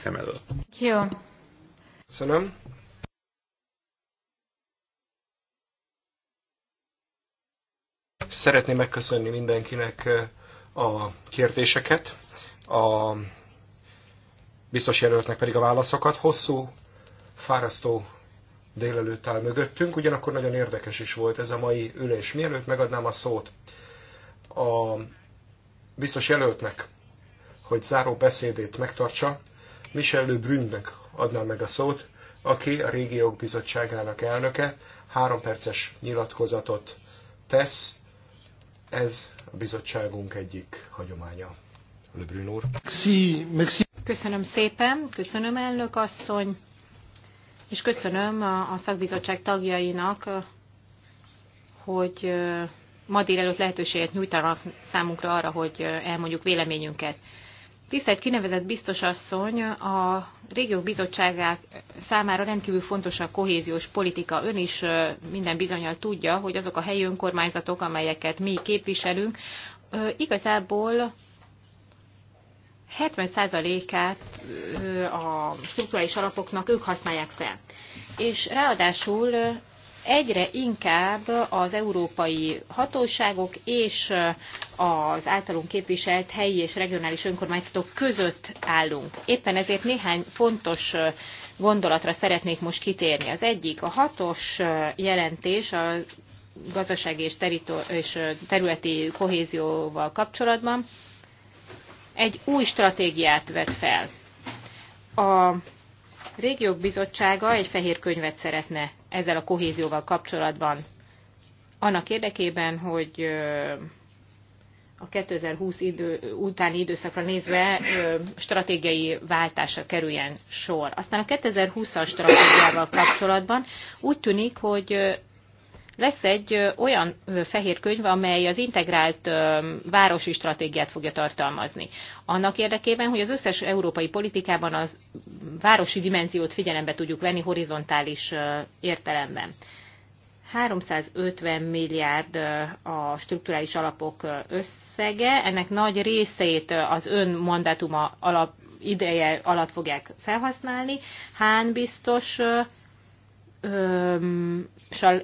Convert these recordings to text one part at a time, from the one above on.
szem elől. Jó. Köszönöm. Szeretném megköszönni mindenkinek a kérdéseket, a biztos jelöltnek pedig a válaszokat. Hosszú, fárasztó délelőtt áll mögöttünk, ugyanakkor nagyon érdekes is volt ez a mai ülés. Mielőtt megadnám a szót a biztos jelöltnek, hogy záró beszédét megtartsa, Michel Brünnek adnám meg a szót, aki a Régiók Bizottságának elnöke, három perces nyilatkozatot tesz. Ez a bizottságunk egyik hagyománya. Le Brün úr. Köszönöm szépen, köszönöm elnök asszony, és köszönöm a szakbizottság tagjainak, hogy ma délelőtt lehetőséget nyújtanak számunkra arra, hogy elmondjuk véleményünket. Tisztelt kinevezett biztos asszony, a régiók bizottságák számára rendkívül fontos a kohéziós politika. Ön is minden bizonyal tudja, hogy azok a helyi önkormányzatok, amelyeket mi képviselünk, igazából 70%-át a struktúrális alapoknak ők használják fel. És ráadásul egyre inkább az európai hatóságok és az általunk képviselt helyi és regionális önkormányzatok között állunk. Éppen ezért néhány fontos gondolatra szeretnék most kitérni. Az egyik, a hatos jelentés a gazdasági és, és területi kohézióval kapcsolatban egy új stratégiát vet fel. A régiók bizottsága egy fehér könyvet szeretne ezzel a kohézióval kapcsolatban. Annak érdekében, hogy a 2020 idő, utáni időszakra nézve stratégiai váltásra kerüljen sor. Aztán a 2020-as stratégiával kapcsolatban úgy tűnik, hogy lesz egy olyan fehér könyv, amely az integrált városi stratégiát fogja tartalmazni. Annak érdekében, hogy az összes európai politikában az városi dimenziót figyelembe tudjuk venni horizontális értelemben. 350 milliárd a strukturális alapok összege, ennek nagy részét az ön mandátuma alap, ideje alatt fogják felhasználni. Hán biztos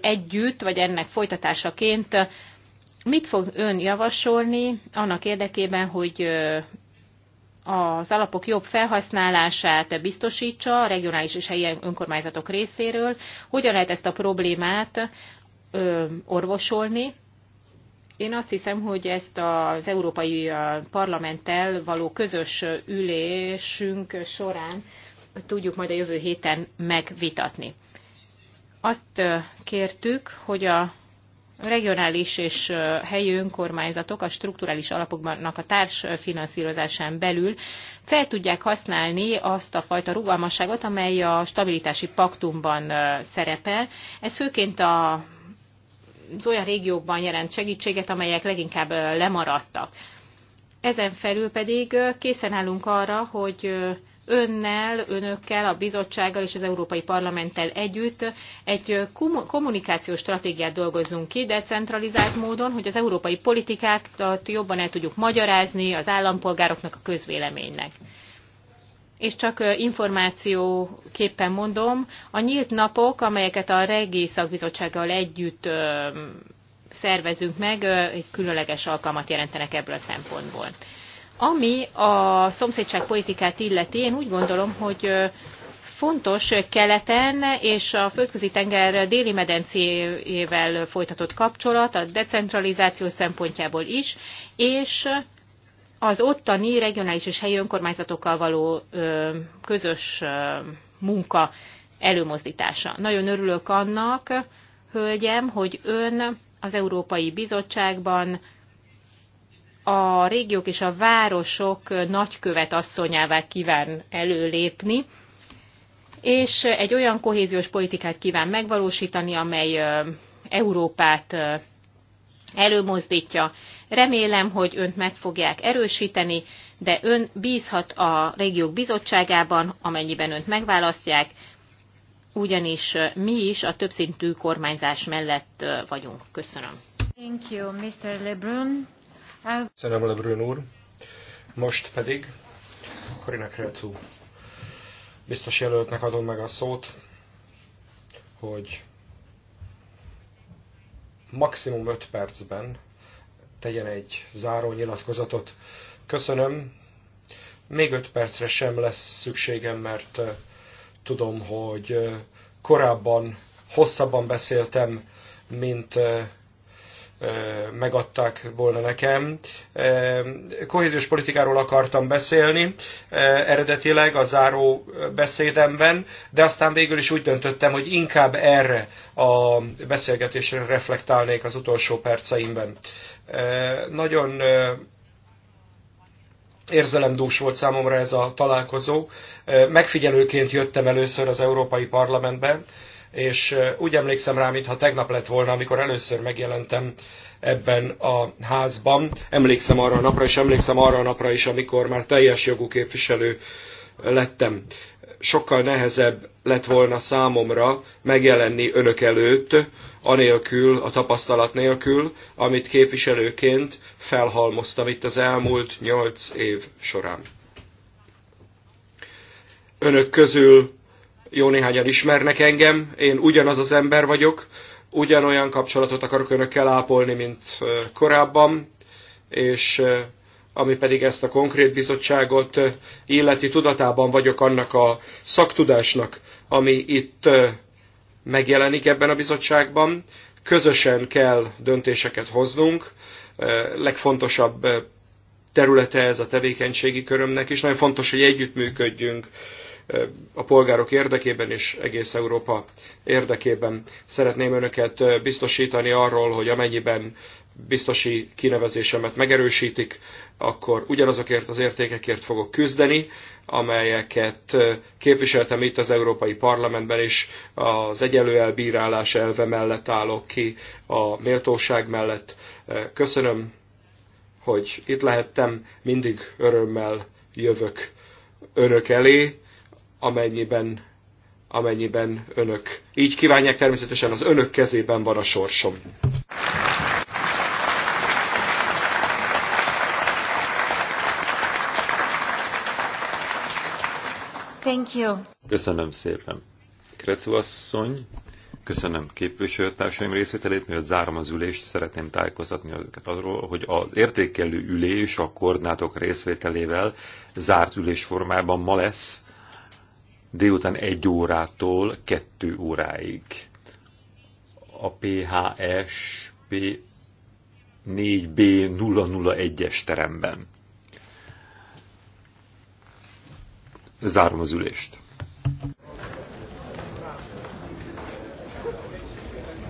együtt, vagy ennek folytatásaként mit fog ön javasolni annak érdekében, hogy az alapok jobb felhasználását biztosítsa a regionális és helyi önkormányzatok részéről, hogyan lehet ezt a problémát orvosolni. Én azt hiszem, hogy ezt az Európai Parlamenttel való közös ülésünk során tudjuk majd a jövő héten megvitatni azt kértük, hogy a regionális és helyi önkormányzatok a strukturális alapoknak a társfinanszírozásán belül fel tudják használni azt a fajta rugalmasságot, amely a stabilitási paktumban szerepel. Ez főként a, az olyan régiókban jelent segítséget, amelyek leginkább lemaradtak. Ezen felül pedig készen állunk arra, hogy önnel, önökkel, a bizottsággal és az Európai Parlamenttel együtt egy kommunikációs stratégiát dolgozzunk ki decentralizált módon, hogy az európai politikákat jobban el tudjuk magyarázni az állampolgároknak, a közvéleménynek. És csak információképpen mondom, a nyílt napok, amelyeket a Regi Szakbizottsággal együtt szervezünk meg, egy különleges alkalmat jelentenek ebből a szempontból. Ami a szomszédságpolitikát illeti, én úgy gondolom, hogy fontos keleten és a földközi tenger déli medencéjével folytatott kapcsolat a decentralizáció szempontjából is, és az ottani regionális és helyi önkormányzatokkal való közös munka előmozdítása. Nagyon örülök annak, hölgyem, hogy ön az Európai Bizottságban a régiók és a városok nagykövet asszonyává kíván előlépni, és egy olyan kohéziós politikát kíván megvalósítani, amely Európát előmozdítja. Remélem, hogy önt meg fogják erősíteni, de ön bízhat a régiók bizottságában, amennyiben önt megválasztják, ugyanis mi is a többszintű kormányzás mellett vagyunk. Köszönöm. Thank you, Mr. Lebrun. El... a Lebrőn úr. Most pedig Karinek Krecu biztos jelöltnek adom meg a szót, hogy maximum 5 percben tegyen egy záró nyilatkozatot. Köszönöm. Még 5 percre sem lesz szükségem, mert tudom, hogy korábban hosszabban beszéltem, mint megadták volna nekem. Kohéziós politikáról akartam beszélni eredetileg a záró beszédemben, de aztán végül is úgy döntöttem, hogy inkább erre a beszélgetésre reflektálnék az utolsó perceimben. Nagyon érzelemdús volt számomra ez a találkozó. Megfigyelőként jöttem először az Európai Parlamentbe, és úgy emlékszem rá, mintha tegnap lett volna, amikor először megjelentem ebben a házban. Emlékszem arra a napra, és emlékszem arra a napra is, amikor már teljes jogú képviselő lettem. Sokkal nehezebb lett volna számomra megjelenni önök előtt, anélkül, a tapasztalat nélkül, amit képviselőként felhalmoztam itt az elmúlt nyolc év során. Önök közül jó néhányan ismernek engem, én ugyanaz az ember vagyok, ugyanolyan kapcsolatot akarok önökkel ápolni, mint korábban, és ami pedig ezt a konkrét bizottságot illeti tudatában vagyok annak a szaktudásnak, ami itt megjelenik ebben a bizottságban. Közösen kell döntéseket hoznunk, legfontosabb területe ez a tevékenységi körömnek, és nagyon fontos, hogy együttműködjünk a polgárok érdekében és egész Európa érdekében. Szeretném önöket biztosítani arról, hogy amennyiben biztosi kinevezésemet megerősítik, akkor ugyanazokért az értékekért fogok küzdeni, amelyeket képviseltem itt az Európai Parlamentben is, az egyenlő elbírálás elve mellett állok ki, a méltóság mellett. Köszönöm, hogy itt lehettem, mindig örömmel jövök önök elé, amennyiben, amennyiben önök így kívánják, természetesen az önök kezében van a sorsom. Thank you. Köszönöm szépen. Krecu asszony, köszönöm képviselőtársaim részvételét, mielőtt zárom az ülést, szeretném tájékoztatni őket arról, hogy az értékelő ülés a koordinátok részvételével zárt ülésformában ma lesz, délután egy órától kettő óráig. A PHS P4B001-es teremben. Zárom az ülést.